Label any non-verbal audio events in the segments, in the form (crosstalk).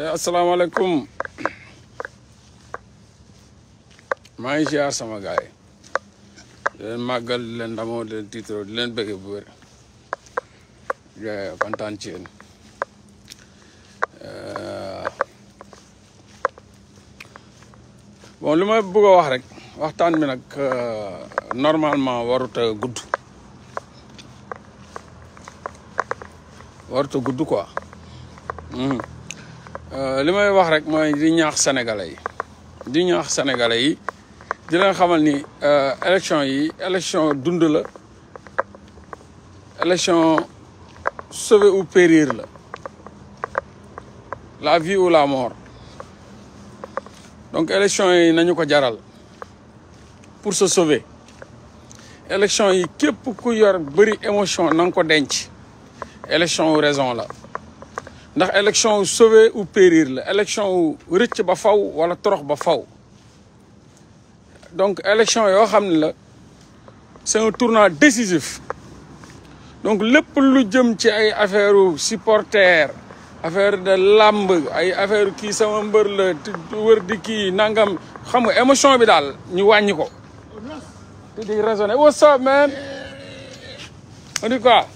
Eh, asalaamaaleykum maa ngi ziar sama gaay leen màggal di leen ndamoo leen tiitaroo leen bëggee bu wér eh, kontaan ci yéen eh, bon li ma bëgg wax rek waxtaan bi nag normalement warut a gudd warut gudd quoi. Hmm. Euh, li may wax rek mooy di ñaax sénégalais yi di ñaax sénégalais yi di leen xamal ni euh, élection yi élection dund la élection sauver ou périr la la vie ou la mort donc élection yi nañu ko jaral pour se sauver élection yi képp ku yor bëri émotion na nga ko denc élection wu raison la ndax élection sauver ou périr la élection wu rëcc ba faw wala torox ba faw donc élection yo xam la c'est un tournant décisif donc lepp lu jëm ci ay affaire u supporter affaire de lamb ay affaire ki sama mbeur la wër di ki nangam xam nga émotion bi dal ñu wàññi ko Vous di raisonner what's up man on dit quoi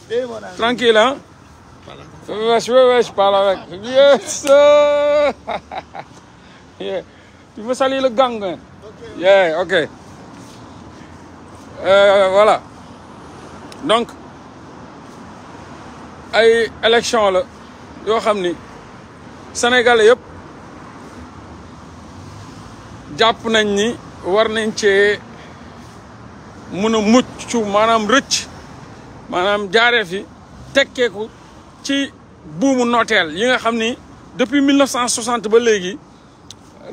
tranquille hein (laughs) je parle avec. Yes! yeah. Tu veux voilà. Donc, ay élection la yoo xam ni sénégalais yëpp jàpp nañ ni war nañ cee muna a mucc maanaam rëcc maanaam jaare fi tekkeeku ci buumu notel yi nga xamni depuis 1960 ba léegi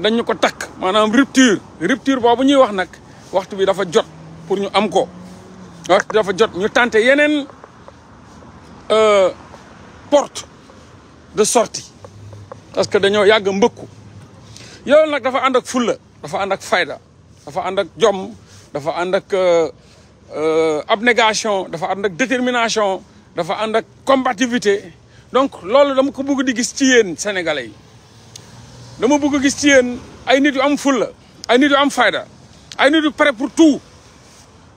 dañu ko tak manam rupture rupture boobu ñuy wax nak waxtu bi dafa jot pour ñu am ko waxtu dafa jot ñu tenter euh porte de sortie parce que dañu yag mbëkku yow nak dafa and ak fulla dafa and ak fayda dafa and ak jom dafa and ak euh, euh abnégation dafa and ak détermination dafa and ak combativité donc lolu dama ko bëgg di gis ci yeen sénégalais yi dama bëgg gis ci yeen ay nit yu am fulla ay nit yu am fayda ay nit yu prêt pour tout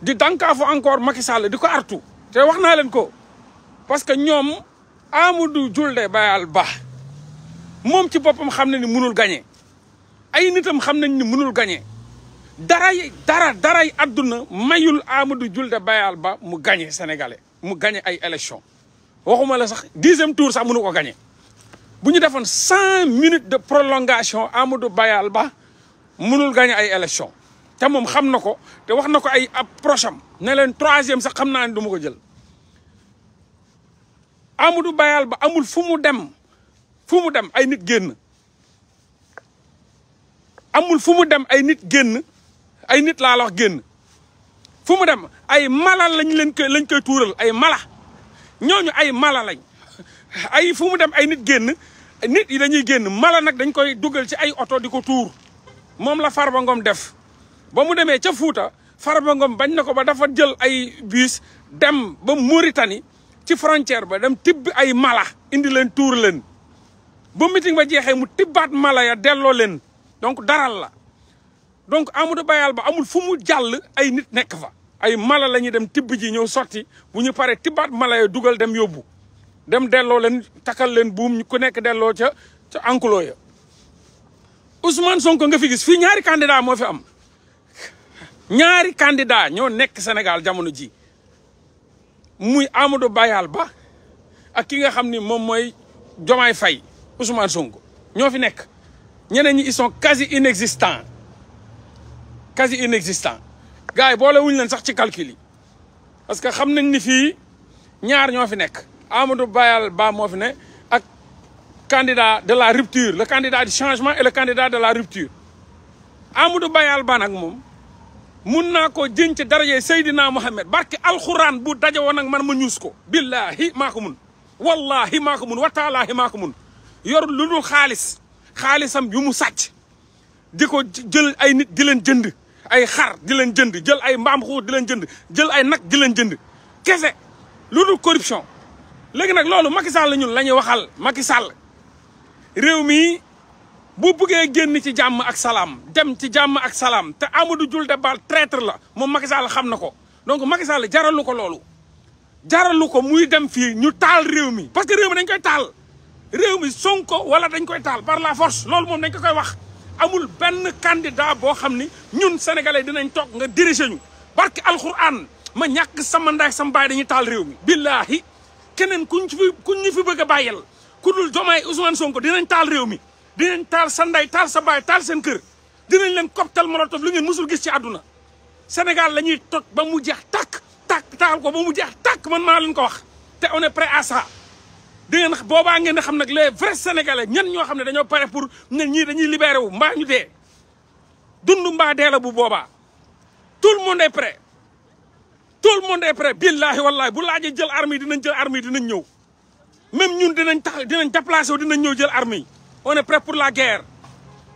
di dànkaafu encore Macky Sall di artu té wax naa leen ko parce que ñom Amadou Julde Bayal Ba mom ci bopam xamna ni mënul gagné ay nitam xam ni mënul gagné daray dara daray aduna mayul Amadou Julde Bayal Ba mu gagné sénégalais mu gagner ay élection waxuma la sax dixième tour sax mënu ko gagné buñu ñu 100 minutes de prolongation Amadou Bayal Ba mënul gagné ay élection te mom xamnako ko te wax ko ay approcham am ne leen troisième sax xam naa ne ko jël Amadou Bayal Ba amul fumu dem fumu dem ay nit génn amul fumu dem ay nit génn ay nit la la wax génn fu mu dem ay mala lañ leen koy lañ koy tuural ay mala ñooñu ay mala lañ ay fu mu dem ay nit génn nit yi dañuy génn mala nag dañ koy dugal ci ay oto di ko tuur moom la Farba Ngom def ba mu demee ca Fuuta Farba Ngom bañ na ko ba dafa jël ay biis dem ba Mauritanie ci frontière ba dem tibb ay mala indi leen tuur leen ba meeting ba jeexee mu tibbaat mala ya delloo leen donc daral la donc Amadou Bayal ba amul fu mu jàll ay nit nekk fa ay mala la ñuy dem tibb ji ñëw sotti bu ñu paree tibbaat mala dugal dem yóbbu dem delloo leen takkal leen buum ku nekk delloo ca ca ankulo ya Ousmane Sonko nga fi gis fii ñaari candidat moo fi am ñaari candidat ñoo nekk Sénégal jamono ji muy Amadou Bayal Ba ak ki nga xam ni moom mooy Jomaay Fay Ousmane Sonko ñoo fi nekk ñeneen ñu isson sont quasi inexistants quasi inexistants gaay boleh boole wuñ leen sax ci calcul yi parce que xam nañ ni fi ñaar ño fi nek Amadou Bayal Ba mo fi ne ak candidat de la rupture le candidat du changement et le candidat de la rupture Amadou Bayal Ba nak mom mën na ko jën ci daraje sayidina Muhammad. barke Al bu dajé won ak man ma ñuus ko billahi maa ko mun wallahi maa ko mun wataalaahi maa ko mun yor lu dul xaalis yu mu sàcc diko jël ay nit di len jënd ay xar di leen jënd jël ay mbam xoo di leen jënd jël ay nak di leen jënd kessé loolu corruption légui nak loolu Macky Sall ñun la waxal Macky Sall réew mi bu bëggé génn ci jamm ak salam dem ci jamm ak salam te Amadou Diouf Bal traître la moom Macky Sall xam nako donc Macky Sall jaralu ko loolu jaralu ko muy dem fi ñu taal réew mi parce que réew mi dañ koy taal réew mi Sonko wala dañ koy taal par la force loolu mom dañ ko koy wax amul benn candidat boo xam ni ñun sénégalais dinañ toog nga diriger ñu barke alxuraan ma ñàkk sama ndaay sama baay dañuy taal réew mi. billaahi keneen kuñ fi kuñ ñu fi bëgg a bàyyal ku dul Diomaye Ousmane Sonko dinañ taal réew mi dinañ taal sa nday taal sa baay taal seen kër dinañ leen cocktail molotov lu ngeen musul gis ci àdduna. Sénégal la ñuy toj ba mu jeex tàkk tàkk taal ko ba mu jeex tàkk man maa leen ko wax te on est prêt à ça. da ngeen boobaa ngeen xam nag les vrais sénégalais ñan ñoo xam ne dañoo pare pour ne ñii dañuy libéré wu mbaa ñu dee dund mbaa dee la bu boobaa tout le monde est prêt tout le monde est prêt billaahi wallaahi bu laajee jël armes yi dinañ jël armes yi dinañ ñëw même ñun dinañ tax dinañ déplacé wu dinañ ñëw jël armi yi on pour la guerre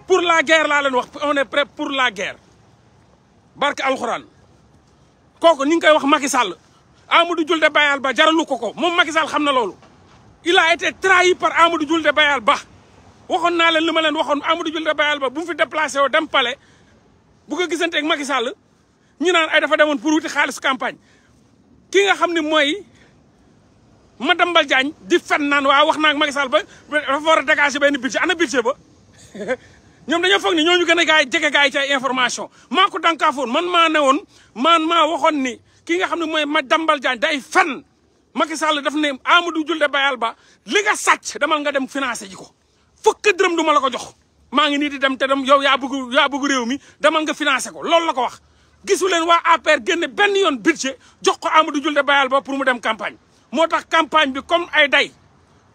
pour la guerre laa leen wax on est prêt pour la guerre barke alxuraan kooku ni ngi koy wax Macky Sall Amadou de Bayal ba jaralu ko ko moom Macky Sall xam na loolu il a été trahi par Amadou Diouldé Bayal Ba waxoon naa leen li ma leen waxoon Amadou Diouldé Bayal Ba bu mu fi déplacé woo dem palais bu ko gisanteeg Macky Sall ñu naan ay dafa demoon pour wuti xaalis campagne ki nga xam ne mooy Madiambal Diagne di fen naan waa wax naa ak Macky ba dafa war a dégager benn budget ana budget ba (laughs) ñoom dañoo foog ni ñooñu gën a gaay jege gaay ci ay information maa ko dankaafoon man maa ne woon man maa waxoon ni ki nga xam ne mooy Madiambal Diagne day fen Macky Sall daf ne Amadou Julde Bayal Ba li nga sàcc demal nga dem financé ji ko fukk dërëm du ma la ko jox maa ngi nii di dem te dem yow yaa bëgg yaa bëgg réew mi demal nga financé ko loolu la ko wax. gisu leen waa APR génne benn yoon budget jox ko Amadou Julde Bayal Ba pour mu dem campagne moo tax campagne bi comme ay day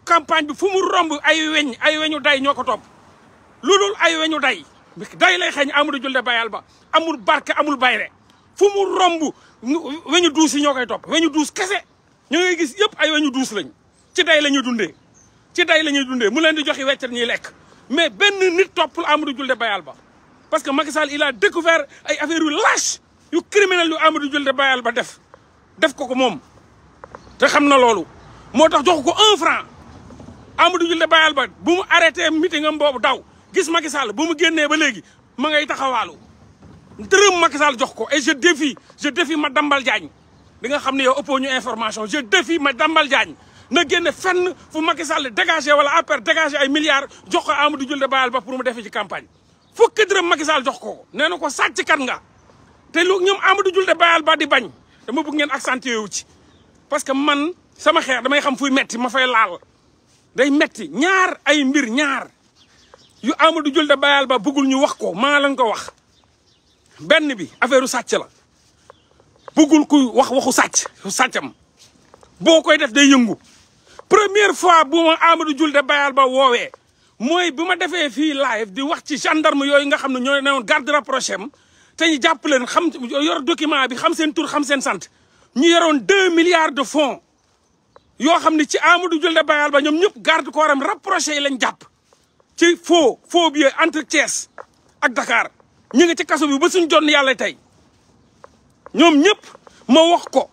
campagne bi fu mu romb ay weñ ay weñu day ñoo ko topp lu dul ay weñu day day lay xeeñ Amadou Julde Bayal Ba amul barke amul bayre fu mu romb weñu duus yi ñoo koy topp weñu duus kese. ñoy gis yëpp ay wañu douss lañ ci day lañu dundé ci day lañu dundé dundee mu leen di joxi weccet ñi lek mais ben nit topul Amadou Diouldé Bayal Ba parce que Macky Sall il a découvert ay affaires yu lâche yu criminel yu Amadou Diouldé Bayal Ba def def ko ko mom te xamna lolu motax jox ko 1 franc Amadou Diouldé Bayal Ba bu mu arrêté meeting am boobu daw gis Macky Sall bu mu génnee ba légui ma ngay taxawaalu dërëm Macky Sall jox ko et je défie je défie ma dambal Diagne Dengan nga xamni yow ëppoo ñu information je défi ma dambal Diagne na génne fenn fu Macky Sall dégager wala APR dégager ay milliards jox ko Amadou Diol de Baal ba pour mu defee ci campagne fukki dërëm Macky Sall jox ko ko sacc kan nga té lu ñom Amadou de Baal ba di bañ dama bëgg ngeen accentuer wu ci parce que man sama xéer damay xam fuy metti ma fay laal day metti ñaar ay mbir ñaar yu Amadou Diol de Baal ba bëggul ñu wax ko ma lañ ko wax benn bi affaireu sacc la bëggul kuy wax waxu sàcc sàccam boo koy def day yëngu première fois boo ma jul Julde Bayal Ba woowee mooy bi ma defee fii live di wax ci gendarme yooyu nga xam ne ñoo newoon garde rapproché am te ñu jàpp leen xam yor document bi xam seen tur xam seen sant ñu yoroon deux milliards de fonds yoo xam ne ci Amadou Julde Bayal Ba ñoom ñëpp garde corps am rapproché yi lañ jàpp ci faux faux biais entre Thiès ak Dakar ñu ngi ci kaso bi ba suñ jonn yàlla tey ñoom ñëpp ma wax ko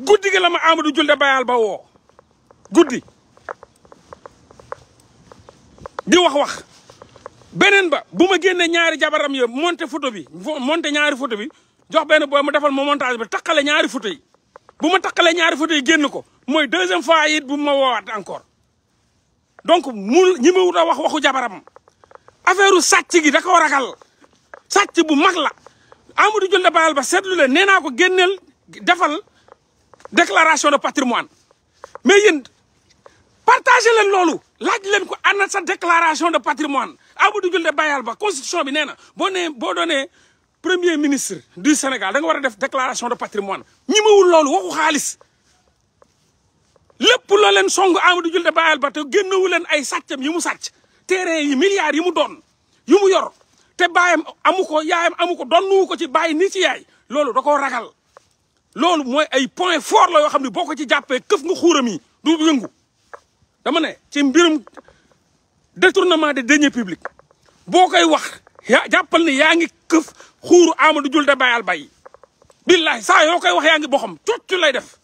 guddi gi la ma Amadou Julde Bayal ba wo guddi di wax wax beneen ba bu ma génnee ñaari jabaram yo monte photo bi monté ñaari photo bi jox benn booy mu defal ma montage bi takkale ñaari photo yi bu ma takkalee ñaari photo yi génn ko mooy deuxième fois it bu ma woowaat encore donc mu ñi a wax waxu jabaram affaire u sàcc gi da ko ragal sàcc bu mag la Amadou Dione Bayal Ba le le nee ko génneel defal déclaration de patrimoine mais yeen partagé leen lolu laj leen ko ana sa déclaration de patrimoine Amadou Dione Bayal Ba constitution bi nee bo boo bo donné premier ministre du Sénégal da nga wara def déclaration de patrimoine ñi wul lolu waxu xaliss lepp lo leen songu Amadou Dione Bayal Ba te génnewu leen ay sàccam yi mu terrain yi milliards yi mu doon yi mu yor te baayam amu ko yaayam amu ko donnu ko ci bàyyi ni ci yaay loolu da koo ragal loolu mooy ay point fort la yoo xam ne boo ko ci jàppee këf nga xuuram yi du yëngu dama ne ci mbirum détournement des deniers publics boo koy wax yaa jàppal ne yaa ngi këf xuuru Amadou Diol de bayal bay billahi saa yoo koy wax yaa ngi boxam cocc lay def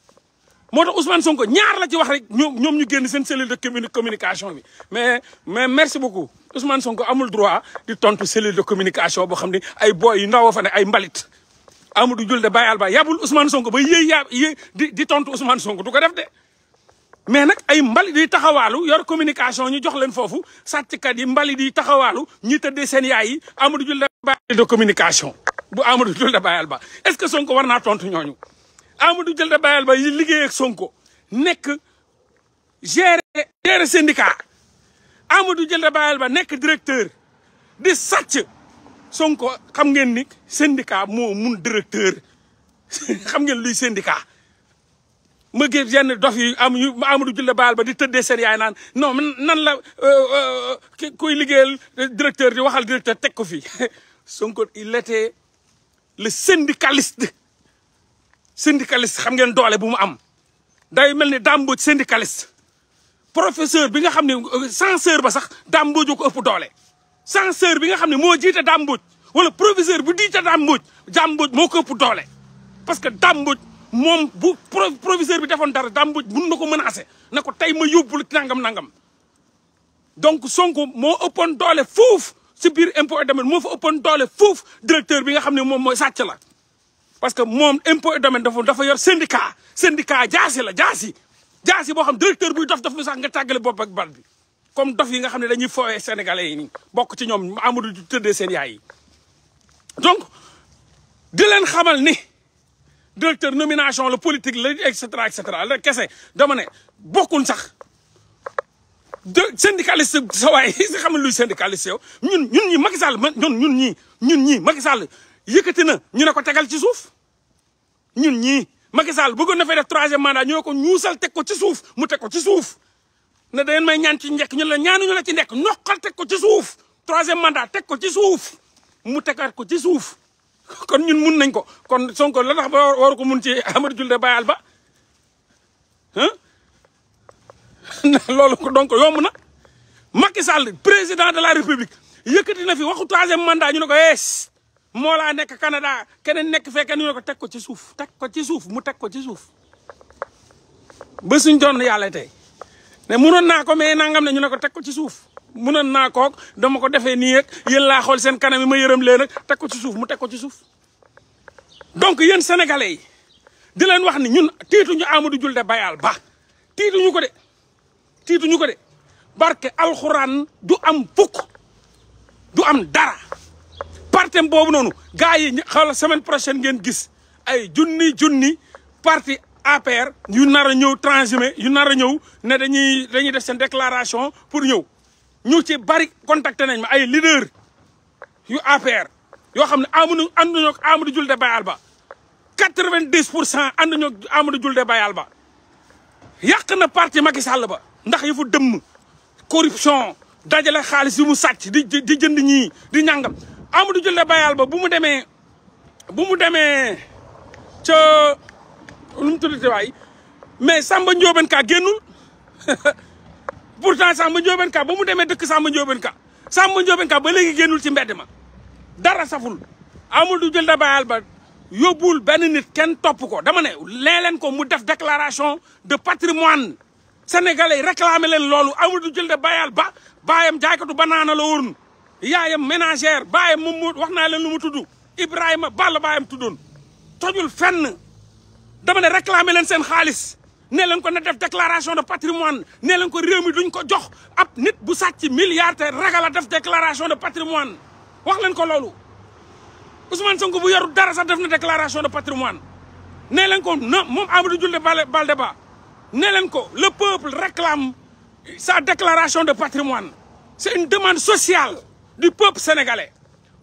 moo tax Ousmane Sonko ñaar la ci wax rek ñoom ñoom ñu génn seen cellule de communication bi mais mais merci beaucoup Ousmane Sonko amul droit di tontu cellule de communication bo xam ay boy yi ndaw fa ne ay mbalit. Amadou Diol de Baye Alba yabul Ousmane Sonko ba yéey di di tontu Ousmane Sonko du ko def de. mais nak ay mbalit di taxawaalu yor communication ñu jox leen foofu kat yi mbalit di taxawaalu ñi tëddee sen yaay yi Amadou Diol de Baye de communication bu Amadou Diol de Baye Alba est-ce que Sonko war naa tontu ñooñu. Amadou Diol de Baye Alba yi liggéey ak Sonko nek gérer gérer syndicat. Amadou Diène Bayel Ba nekk directeur di sàcc Sonko xam ngeen ni syndicat moo mun directeur (laughs) xam ngeen luy syndicat. ma gis yenn dof yi am ñu Amadou Diène Bayel Ba di tëddee seen yaay naan non nan la euh, euh, kuy liggéeyal euh, directeur di waxal directeur teg ko fi (laughs) Sonko il était le syndicaliste syndicaliste xam ngeen doole bu mu am day mel ni dàmbu syndicaliste. professeur bi nga xam ne euh, censeur ba sax Dame Mbodj ko ëpp doole censeur bi nga xam ne moo jiite Dame Mbodj wala professeur bu jiite Dame Mbodj moo ko ëpp doole parce que Dame moom bu professeur bi defoon dara Dame Mbodj mun na ko menacé na ko tey ma yóbbul nangam nangam donc Sonko moo ëppoon doole foofu si biir impôt et domaine moo fa ëppoon doole foofu directeur bi nga xam ne moom mooy sàcc la parce que moom impôt et domaine dafa dafa yor syndicat syndicat jaasi la jaasi jaas yi boo xam directeur buy dof dof lu sax nga tàggale bopp ak bat bi comme dof yi nga xam ne dañuy foowee sénégalais yi nii bokk ci ñoom Amadou di tëddee seen yaay yi donc di leen xamal ni directeur nomination la politique la et cetera et cetera kese dama ne bokkul sax de syndicaliste sa waay si xam ne luy syndicaliste yow ñun ñun ñi Macky Sall ñun ñun ñii ñun ñi Macky Sall yëkkati na ñu ne ko tegal ci suuf ñun ñi Macky Sall bëggoon na fay def troisième mandat ñoo ko ñuusal teg ko ci suuf mu teg ko ci suuf na da ngeen may ñaan ci njekk ñu la ñaanuñu la ci ndekk noqal teg ko ci suuf troisième mandat teg ko ci suuf mu tegaat ko ci suuf (laughs) kon ñun mun nañ ko kon Sonko la tax ba waru ko mun ci jul Julde Bayal ba (laughs) loolu ko donc yomb na Macky Sall président de la république yëkkati na fi waxu troisième mandat ñu ne ko yees eh, moo laa nekk Canada keneen nekk fekke ñu ne ko teg ko ci suuf teg ko ci suuf mu teg ko ci suuf ba suñ doon yàlla tey ne munoon naa ko mais nangam ne ñu ne ko teg ko ci suuf munoon naa kook dama ko defee nii rek yéen laa xool seen kanam yi ma yërëm leen ak teg ko ci suuf mu teg ko ci suuf donc yéen sénégalais yi di leen wax ni ñun tiituñu Amadou Julde Bayal Ba tiituñu ko de tiituñu ko de barke alxuraan du am fukk du am dara partem boobu noonu gars yi xawla semaine prochaine ngeen gis ay junni junni parti APR yu nar a ñëw transhumé yu nar a ñëw ne dañuy dañuy def seen déclaration pour ñëw ñu ci bari contacté nañ ma ay leader yu APR yoo xam ne amuñu ànduñoo ak Amadou Diouldé Bayal Ba quatre-vingt-dix pour cent ànduñoo ak Amadou Diouldé Bayal Ba yàq na parti Macky Sall ba ndax yëfu dëmm corruption dajale xaalis yu mu sàcc di di jënd ñii di ñàngam amul Amadou Julle Bayal ba bu mu demee bu mu demee ca nu mu tuddati waay mais Samba Ndiobène Ka génnul (laughs) pourtant Samba Ndiobène Ka ba mu demee dëkk Samba Ndiobène Ka Samba Ndiobène Ka ba léegi génnul ci mbedd ma dara saful Amadou Julle Bayal ba yóbbul benn nit kenn topp ko dama ne lee leen ko mu def déclaration de patrimoine sénégalais réclamé leen loolu Amadou Julle Bayal ba baayam jaaykatu banaana la woon yaayam ménagère baye moom mu wax naa leen lu mu Ibrahima Ball baayam tuddoon tojul fenn dama ne réclamer len sen khalis né len ko na def déclaration de patrimoine né len ko réew mi duñ ko jox ab nit bu sàcc milliard te def déclaration de patrimoine wax len ko loolu Ousmane Sonko bu yoru dara sa def na déclaration de patrimoine né len ko mom moom Amadou Diouldé Baldé Ba ne leen ko le peuple réclame sa déclaration de patrimoine c'est une demande sociale du peuple sénégalais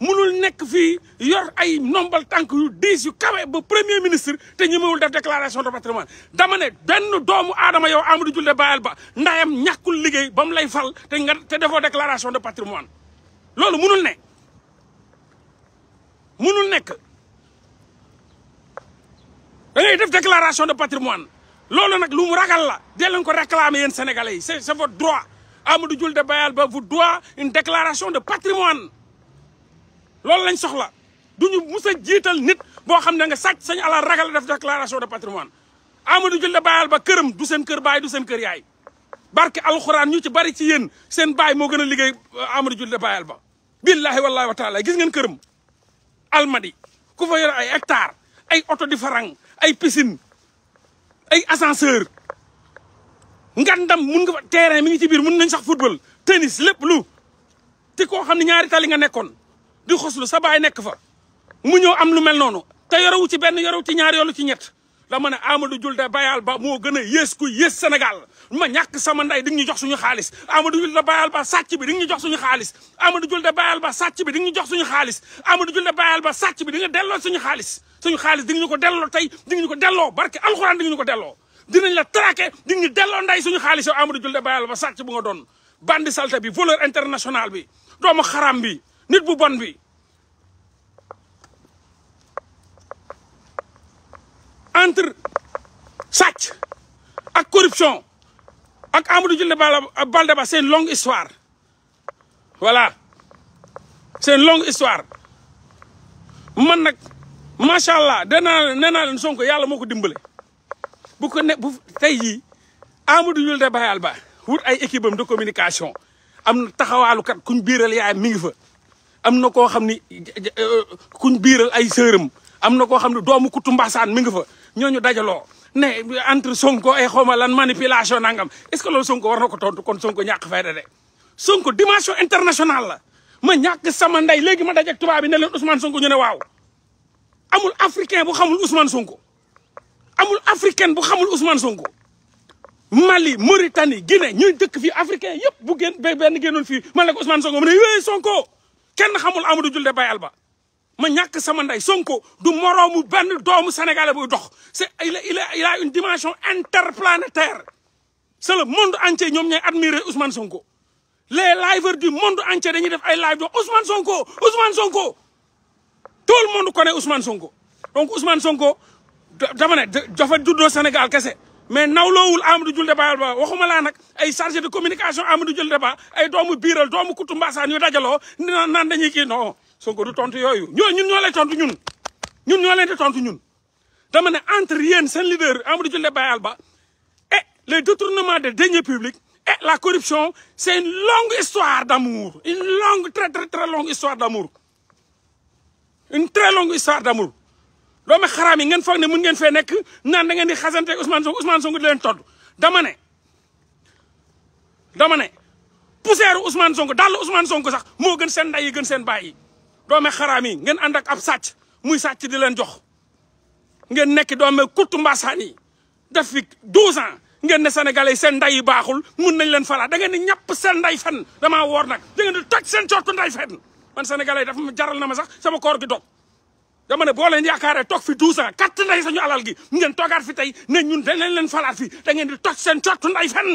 mënul nek fii yor ay nombal tànk yu diis yu kawe ba premier ministre te ñemewul def déclaration de patrimoine dama ne benn doomu aadama yow Amadou Julde Bayal Ba ndayam ñàkkul liggéey ba mu lay fal te nga te defoo déclaration de patrimoine loolu mënul ne mënul nek, da def déclaration de patrimoine loolu nag lu mu ragal la dee leen ko réclamer yéen sénégalais c'est votre droit Amadou de Bayalba vous doit une déclaration de patrimoine loolu lañ soxla duñu nit nga sacc señ déclaration de patrimoine Amadou de Bayalba këram du sen kër bay du sen kër yaay barke alxuraan ñu ci bari ci euh, Amadou de billahi wallahi wa taala gis ngeen almadi ku fa yor ay hectare ay auto piscine ascenseur ngandam mun nga fa terrain mi ngi ci biir mun nañ sax football tennis lépp lu te koo xam ne ñaari tali nga nekkoon di xoslu sa baay nekk fa mu ñëw am lu mel noonu te wu ci benn yorewu ci ñaar yoolu ci ñett dama ne Amadou Julde Bayal Ba moo gën a yées ku yées Sénégal ma ñàkk sama nday di nga ñu jox suñu xaalis Amadou Julde Bayal Ba sàcc bi di nga ñu jox suñu xaalis Amadou Julde Bayal Ba sàcc bi di nga jox suñu xaalis Amadou Julde Bayal Ba sàcc bi di nga delloo suñu xaalis suñu xaalis di nga ko delloo tey di ko delloo barke alxuraan di nga ñu ko delloo dinañ la traqué di ñu delloo nday suñu xaalis yow Amadou Julde Bayal ba sàcc bu nga doon bandi salte bi voleur international bi doomu xaram bi nit bu bon bi entre sàcc ak corruption ak Amadou Julde Balde Ba c'est une longue histoire voilà c'est une longue histoire man nag macha allah nee naa leen nee naa leen Sonko yàlla moo ko dimbale bu ko ne bu tay yi Amadou Yul de Bayal ba wut ay équipe am de communication am taxawalu kat kuñ biiral yaay mi ngi fa. am na kuñ biiral ay sëram am na koo xam ne doomu Kuttu Mbassaan mi ngi fa ñoñu dajalo ne entre Sonko ay xoma lan manipulation nangam est-ce que sungko Sonko war nako tontu kon Sonko ñak fayda de Sonko dimension internationale la ma ñak sama ndey legi ma dajak tuba bi ne len Ousmane Sonko ñu ne waw amul africain bu xamul Ousmane Sonko. amul africaine bu xamul Ousmane Sonko Mali Mauritanie Guinée ñuy dëkk fii africain yëpp bu génn benn génnoon fii man la ko Ousmane Sonko mu ne yooyu Sonko kenn xamul Amadou Julde Bayal ba ma ñàkk sama ndey Sonko du moroomu benn doomu sénégalais buy dox c'est il a il a une dimension interplanétaire se le monde entier ñoom ñooy admirer Ousmane Sonko les liveurs du monde entier dañuy def ay live do Ousmane Sonko Ousmane Sonko tout le monde connaît Sonko donc Ousmane Sonko dama ne dafa juddoo senegal kesse mais nawloowul Amadou Diol Déba ba waxuma la nak ay chargé de communication Amadou Diol Déba ay doomu biral doomu kutu mbaasaan yu dajaloo nan dañuy kii non Sonko du tontu yoyu ñoo ñun ñoo lay tontu ñun ñun ñoo leen tontu ñun dama ne entre yéen sen leader Amadou Diol Déba alba et le détournement des deniers publics et la corruption c'est une longue histoire d'amour une longue très très très longue histoire d'amour une très longue histoire d'amour doomi xaraam yi ngeen foog ne mun ngeen fee nekk naan da ngeen di xasante Ousmane Sonko Ousmane Sonko di leen todd dama ne dama ne poussière Ousmane Sonko dàll Ousmane Sonko sax moo gën seen nday gën seen baay yi xaraam yi ngeen ànd ak ab sàcc muy sàcc di leen jox ngeen nekk doomi kurtu mbaasaan yi def fi 12 ngeen ne sénégalais seen nday yi baaxul mun nañ leen falaat da ngeen di ñàpp seen nday fenn damaa woor nag da ngeen di toj seen coortu nday fenn man sénégalais dafa jaral na ma sax sama koor gi dog dama ne boo leen yaakaaree toog fi 12 ans katt nday sañu alal gi ngeen toogaat fi tey ne ñun dañ leen leen falaat fi da ngeen di toj seen cottu nday fen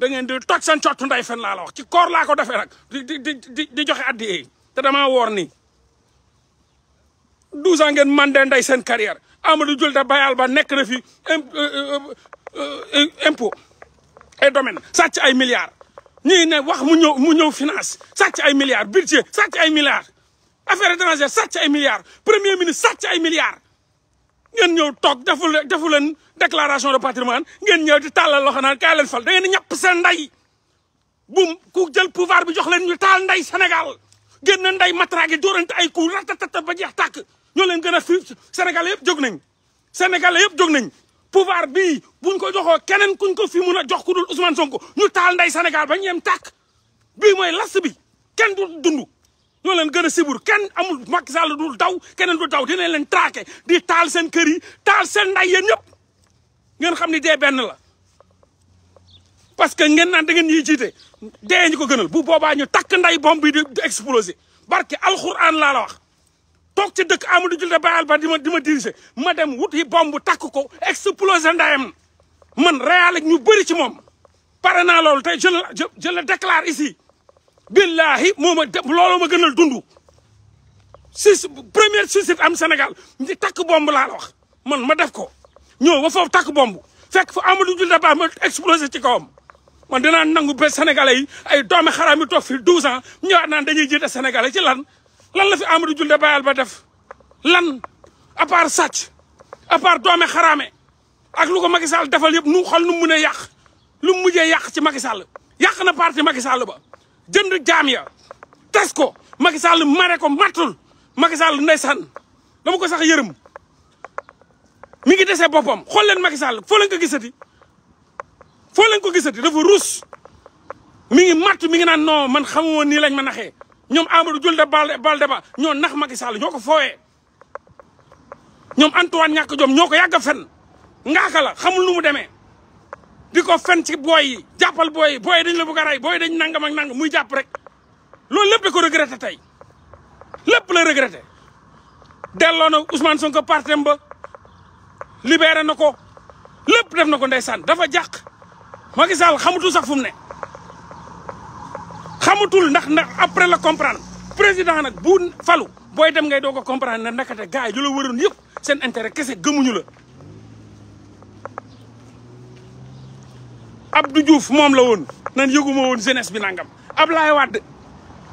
da ngeen di toj sen cottu nday fen laa la wax ci koor laa ko defee nag di di di joxe addi te damaa woor ni 12 ans ngeen mandé nday seen carrière Amadou Diol da bayal ba nekk na fi euh, euh, euh, impo et domaine sàcc ay milliards ñii ne wax mu ñëw mu ñëw finance sàcc ay milliards budget sàcc ay milliards affaire étrangère sàcc ay milliards premier ministre sàcc ay milliards ngeen ñëw toog defu leen defu leen déclaration de patrimoine ngeen ñëw di tàllal loxo naan kaay leen fal da ngeen di ñàpp seen nday bu jël pouvoir bi jox leen ñu taal nday Sénégal génn nday matraque yi dóorante ay coup ratatata ba jeex tàkk ñoo leen gën a fi Sénégal yëpp jog nañ Sénégal yëpp jóg nañ pouvoir bii buñ ko joxoo keneen kuñ ko fii mun a jox ku dul Ousmane Sonko ñu taal nday Sénégal ba ñu yem tàkk bii mooy last bi kenn du dund ñoo gën a sibur kenn amul Macky Sall dul daw keneen du daw dina leen traqué di taal seen kër yi taal sen nday yéen ñëpp ngeen xam ni dee benn la parce que ngeen naan da ngeen ñuy jiite dee ñu ko gënal bu boobaa ñu takk nday bomb bi di explosé barke alxuraan laa la wax toog ci dëkk Amadou Julde Bayal ba di ma di ma dirigé ma dem wut yi bomb takk ko explosé ndayam man réal ak ñu bëri ci moom pare naa loolu tey je je le déclare ici billahi moma lolo ma gënal dund si première suicide am senegal ni tak bomb la wax man ma def ko ñoo wa fofu tak bomb fekk fu Amadou Diouf Dabakh ma explosé ci kawam man dina nangu be sénégalais yi ay doomi kharam yi tok fi 12 ans ñoo naan dañuy jënd sénégalais ci lan lan la fi Amadou Diouf Dabakh ba def lan a part sàcc a part doomi kharamé ak lu ko Macky Sall defal yëpp nu xol nu mu mënee lu mu mujjee yàq ci Macky Sall na parti Macky Sall ba jënd jaam ya tass ko Macky Sall maré ko matul Macky Sall ndaysan dama ko sax yërëm mi ngi déssé bopam xol leen Macky Sall fo leen ko gissati fo leen ko gissati dafa ruus mi ngi mat mi ngi nan non man xamoo ni lañ ma naxé ñom Amadou Diol de Balde ba ñoo nax Macky Sall ñoko fowé ñom Antoine Ñak jom ñoko ko fenn ngaaka la xamul nu mu di ko fen ci booy yi jàppal booy yi booy yi dañ la bëgg a rey booy dañ nangam ak nangam muy jàpp rek loolu lépp da ko regretté tey lépp la regretté delloo na Ousmane Sonko partem ba libéré na ko lépp def na ko ndeysaan dafa jàq Macky Sall xamutul sax fu mu ne xamutul ndax ndax après la comprendre président nag bu falu booy dem ngay doo ko comprendre ne nakate gars yi lu la yëpp seen intérêt kese gëmuñu la ab Abdou Diouf moom la woon nan yëguma woon jeunesse bi nangam Ablaye Wade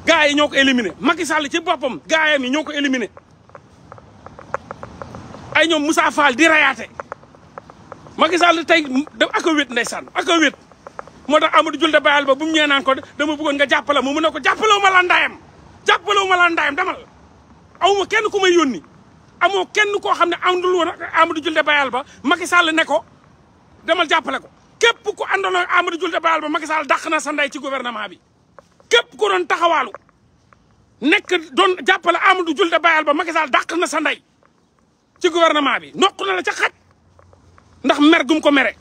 gars yi ñoo ko élimine Macky Sall ci boppam gaayam yi ñoo ko éliminé ay ñoom Moussa Fall di rayaate Macky Sall tey daf ak a wét ndeysaan moo a wét moo tax Amadou Julde Bayal ba bu mu ñëwee naan ko dama bëggoon nga jàppale ma mu ne ko jàppalewu ma la ndaayam jàppalewu ma kenn ku may yónni amoo kenn koo xam ne àndul woon ak Amadou Julde Bayal ba Macky Sall ne ko demal jàppale ko képp ku àndoon ak Amadou Juldé Baal ba makissal Sall na sa nday ci gouvernement bi képp ku don taxawalu nek don jappal Amadou Juldé Baal ba makissal Sall na sa nday ci gouvernement bi nokku na la ci xat ndax mer gum ko mere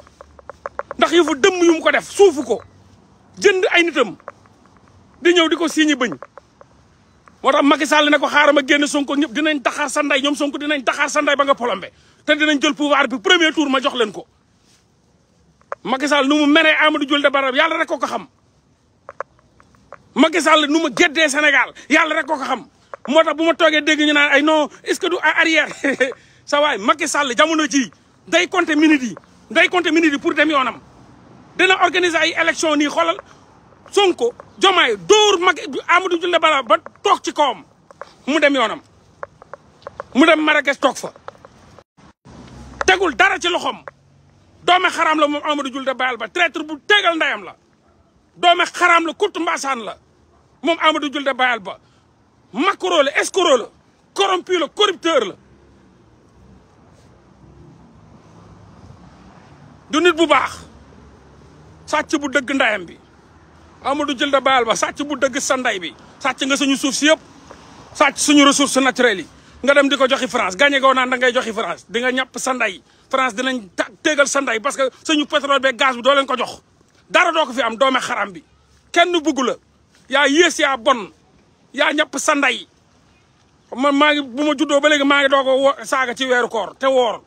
ndax yofu dem yu mu ko def soufu ko jënd ay nitam di ñew diko ko signé bëñ motax makissal ne ko xaarama genn Sonko ñep dinañ taxar sa nday ñom Sonko dinañ taxar sa nday ba nga plombé té dinañ jël pouvoir bi premier tour ma jox len ko Macky Sall nu mu meree Amadou Diol de Barab yàlla rek ko ko xam Macky Sall nu mu géddee Sénégal yàlla rek ko ko xam moo tax bu ma toogee dégg ñu naan ay non est-ce que du arrière (laughs) sa waay Macky jamono ji day compter minutes yi day compter minutes yi pour dem yoonam dina organiser ay élection ni xoolal Sonko Jomaay dóor Macky Amadou Diol de Barab ba toog ci kawam mu dem yoonam mu dem Marrakech toog fa tegul dara ci loxoom. doomi xaram la mom Amadou Diouf de Bayal ba traître bu tégal ndayam la doomi xaram la kout mbassane la mom Amadou Diouf de Bayal ba macro la escro la corrompu la corrupteur la du nit bu bax satch bu deug ndayam bi Amadou Diouf de Bayal ba satch bu deug sa nday bi satch nga suñu souf ci yëpp satch suñu ressources naturelles yi nga dem diko joxi France gagné goo naan da ngay joxi France di nga ñap sa nday France dinañ téegal sa ndey parce que suñu pétrole beeg gaz bi doo leen ko jox dara doo ko fi am doome xaram bi kenn bugg la yaa yées yaa bon yaa ñàpp sa ndey man maa ngi bu ma juddoo ba léegi maa ngi doo ko saaga ci weeru koor te woor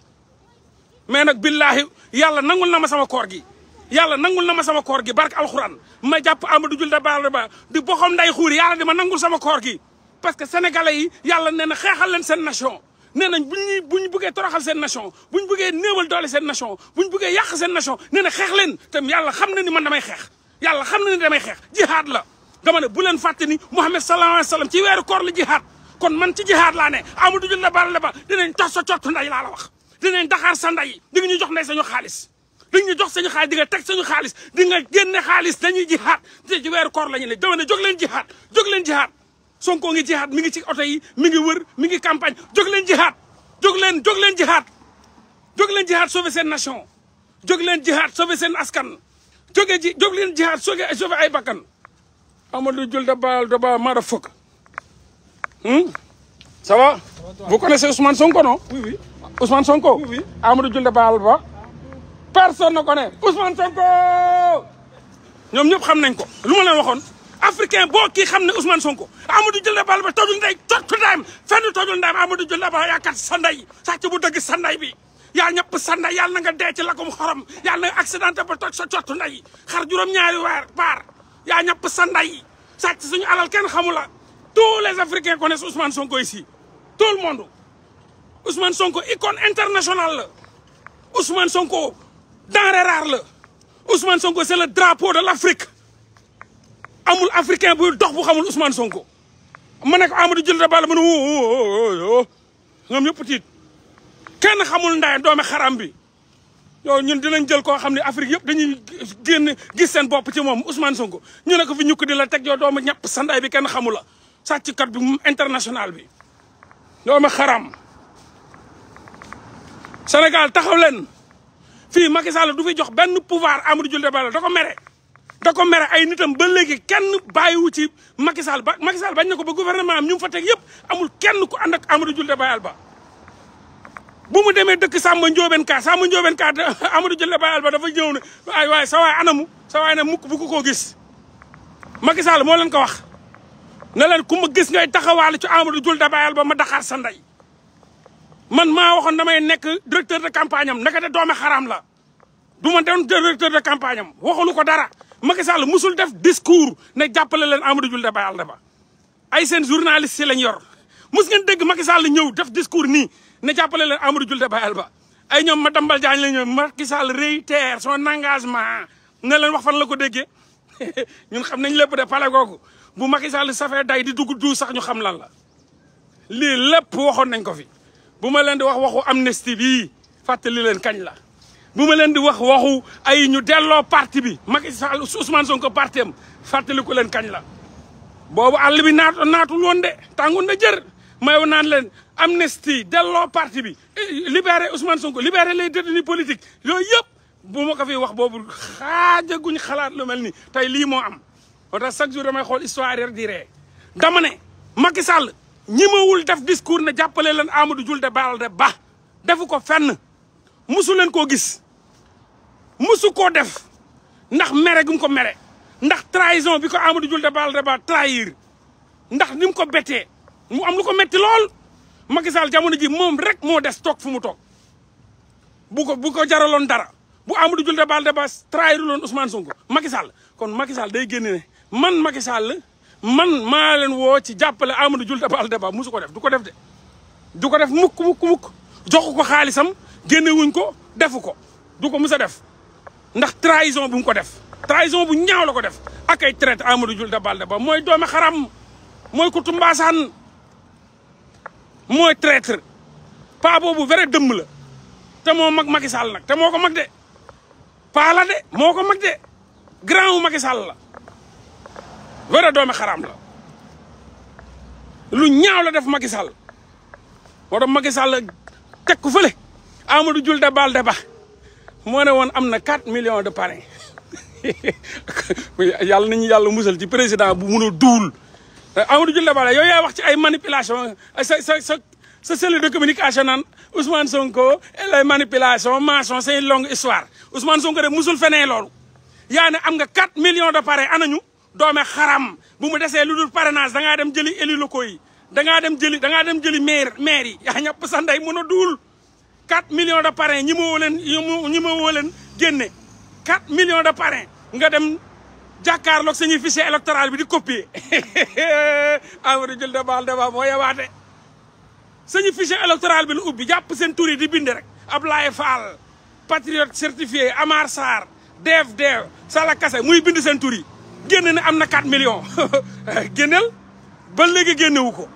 mais nag billaahi yàlla nangul na ma sama koor gi yàlla nangul na ma sama koor gi barke alxuraan ma jàpp Amadou Jul da baal ba di boxam nday xuuri yàlla di ma nangul sama koor gi parce que sénégalais yi yàlla nee na xeexal leen seen nation nee nañ bu ñu bu ñu bëggee toroxal seen nation bu ñu bëggee néewal doole seen nation bu ñu bëggee yàq seen nation nee na xeex leen te yàlla xam na ni man damay xeex yàlla xam na ni damay xeex jihaad la dama ne bu leen fàtte ni Muhammad sallallahu alayhi wa sallam ci weeru koor la jihaad kon man ci jihaad laa ne Amadou Diop la baal la ba dinañ tax sa cott nday laa la wax dinañ daxaar sa nday di nga ñu jox nday sañu xaalis di nga ñu jox sañu xaalis di nga teg sañu xaalis di nga génne xaalis dañuy jihaad te ci weeru koor la ñu ne dama ne jóg leen jihaad jóg leen jihaad Sonko ngi jihaat mi ngi ci oto yi mi ngi wër mi ngi campagne jóg leen jihaat jóg leen jóg leen jihaat jóg leen jihaat sauver seen nation jóg leen jihaat sauver seen askan jóge ji jóg leen jihaat sauver sauver ay bakkan Amadou Diol da baal da baal maa da fokk hmm? ça va vous connaissez Ousmane Sonko non oui oui Ousmane Sonko oui oui Amadou ba personne ne connaît Ousmane Sonko ñoom ñëpp xam nañ ko lu ma leen waxoon africain boo kii xam ne Ousmane Sonko Amadou Diallo Ba la tojul ndey tojtu ndeyam fenn tojul ndeyam Amadou Diallo Ba yaakaar sa ndey sàcc bu dëgg sa ndey bi yaa ñëpp sa ndey yàlla na nga dee ci lakum xorom yàlla na nga accidenté ba toj sa cottu ndey xar juróom-ñaari weer paar yaa ñëpp sa ndey sàcc suñu alal kenn xamu la tous les africains connaissent Ousmane Sonko ici tout le monde Ousmane Sonko icône internationale la Ousmane Sonko denrée rare la Ousmane Sonko c'est le drapeau de l'Afrique amul africain bu dox bu xamul Ousmane Sonko mané ko Amadou jël rabal mané wo ne woo ñoom ñëpp tiit kenn xamul nday doomi xaram bi Yo ñun dinañ jël ko xamni Afrique yëpp dañuy genn gis seen bop ci mom Ousmane Sonko ñu nak fi ñuk di la teg yow dooma ñàpp sandaay bi kenn xamul la kat bi international bi doomi xaram senegal taxaw len fi Macky Sall du fi jox benn pouvoir Amadou jël de da ko méré da ko mere ay nitam ba léegi kenn bàyyiwu ci Macky Sall ba Macky Sall bañ na ko ba gouvernement am ñu mu fa teg yëpp amul kenn ku ànd ak Amadou Juldé demee dëkk Samba Ndiobène Ka Samba Ndiobène Ka (laughs) Amadou Juldé Bayal Ba dafa ñëw ne ay waay sa waay anamu sa waay koo gis Macky Sall moo leen ko wax ne leen ma gis ngay taxawaale ci Amadou Juldé Bayal Ba ma daxaar sa ndey man maa waxoon damay nekk directeur de campagne am naka de doome xaram la du ma doon directeur de campagne am waxulu ko dara Macky Sall musul def discours ne jappale len Amadou Diouldé Ba Aldaba ay sen journaliste ci lañ yor mus ngeen deg Macky Sall ñew def discours ni ne jappale len Amadou Diouldé Ba ay ñom ma dambal jañ lañ ñom Macky Sall réitère son engagement ne len wax fan la ko (laughs) ñun xam nañ lepp de pale gogou bu Macky Sall safé day di dugg du sax ñu xam lan la li lepp waxon nañ ko fi bu len di wax waxu amnesty bi fatali len kañ la bu ma di wax waxu ay ñu delloo parti bi Macky Sall Ousmane Sonko parti am fàttaliku leen kañ la boobu àll bi naatu naatul woon de tàngoon na jër mayow naan leen amnistie delloo parti bi eh, libéré Ousmane Sonko libéré les détenus politiques yooyu yëpp bu ko fiy wax boobu xaajaguñ xalaat lu melni ni tey am moo tax chaque jour damay xool histoire yer di dama ne Macky Sall ñi mawul def discours ne jàppale leen Amadou Jules de de Ba defu fenn musu leen koo gis musu koo def ndax mere gum ko mere ndax trahison bi ko Amadou jul de Bal de trahir ndax ni ko bettee mu am lu ko metti lool Macky Sall jamono ji moom rek moo des toog fu mu toog bu ko bu ko jaraloon dara bu Amadou jul de Bal de trahir loon Ousmane Sonko Macky Sall kon Macky day génn man Macky Sall man maa leen woo ci jàppale Amadou Diouf de Bal musu ko def du ko def de du ko def mukk mukk mukk joxu ko xaalisam génnewuñ ko defu ko du ko mës a def ndax trahison bu mu ko def trahison bu ñaaw la ko def ak ay traite Amadou Jules de Balde ba mooy doomi xaram mooy kutu mbaasaan mooy traître paa boobu vrai dëmm la te moo mag Macky Sall nag te moo ko mag de paa la de moo ko mag de grand wu Macky Sall la vrai doomi xaram la lu ñaaw la def Macky Sall moo tax Macky Sall teg ko fële Amadou Julde Balde Ba mo ne won amna na 4 millions de parrains (laughs) yalla nañu yalla musal ci président bu mun a duul Amadou Julde Balde yow yaa wax ci ay manipulation sa sa sa sa cellule de communication nan Ousmane Sonko ay manipulation maçon c'est une longue histoire Ousmane Sonko rek musul fene lool yaa ne am nga 4 millions de parrains anañu doome kharam bu mu déssé lu dul parrainage nga dem jëli élu locaux yi nga dem jëli nga dem jëli maire maire yi ya ñap sa ndey mun 4 millions de parrains ñi ma woo leen ñi 4 millions de parrains nga dem jàkkaarloog sañuy fichier électoral bi di copier (laughs) Amadou jël dabal dabal moo yebaate sañu fichier électoral bi la ubbi jàpp seen tur yi di bind rek Ablaye Fall patriote certifié Amar Sar, deef deef Sala Kassé muy bind seen tur yi génn ne am 4 millions (laughs) génneel ba léegi génnewu ko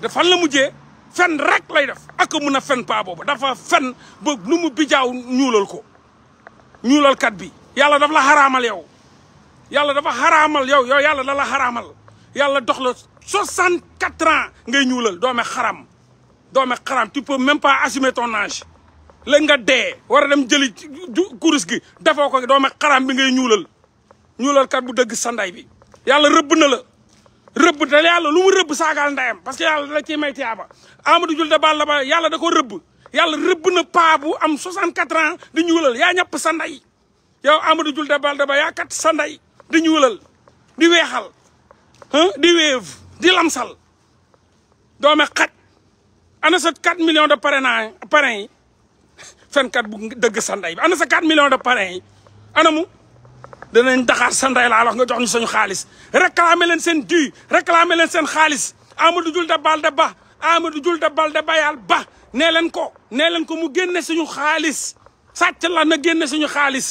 de fan la mujjee fen rek lay def ak mu na fen pa bobu dafa fen bu nu mu bidjaw ñuulal ko ñuulal kat bi yalla daf la haramal yow yalla dafa haramal yow yow yalla la la haramal yalla dox la 64 ans ngay ñuulal karam, xaram me xaram tu peux même pas assumer ton âge le nga dé war dem jël kurus gi dafa ko me xaram bi ngay ñuulal ñuulal kat bu deug sanday bi yalla rëbb na la rëbb te yàlla lu mu rëbb saagaal ndeyam parce que yàlla dala ciy may tiyaaba Amadou Diol de Balla ba yàlla da ko rëbb yàlla rëbb na paa bu am 64 ans di ñu wulal yaa ñàpp sa ndey yow Amadou de Balla ba yaa kat sa ndey di ñu wulal di weexal di weev di lamsal doome xaj ana sa 4 millions de parrain parrain yi (laughs) fenkat bu dëgg sa ndey bi ana sa 4 million de parrain yi ana mu danañ daxaar sa ndey wax nga jox ñu suñu xaalis réclamer leen seen dû réclamer leen seen xaalis Amadou Diouf da bal da ba Amadou Diouf da bal da bayal ba nee leen ko nee leen ko mu génne suñu xaalis sàcc la na génne suñu xaalis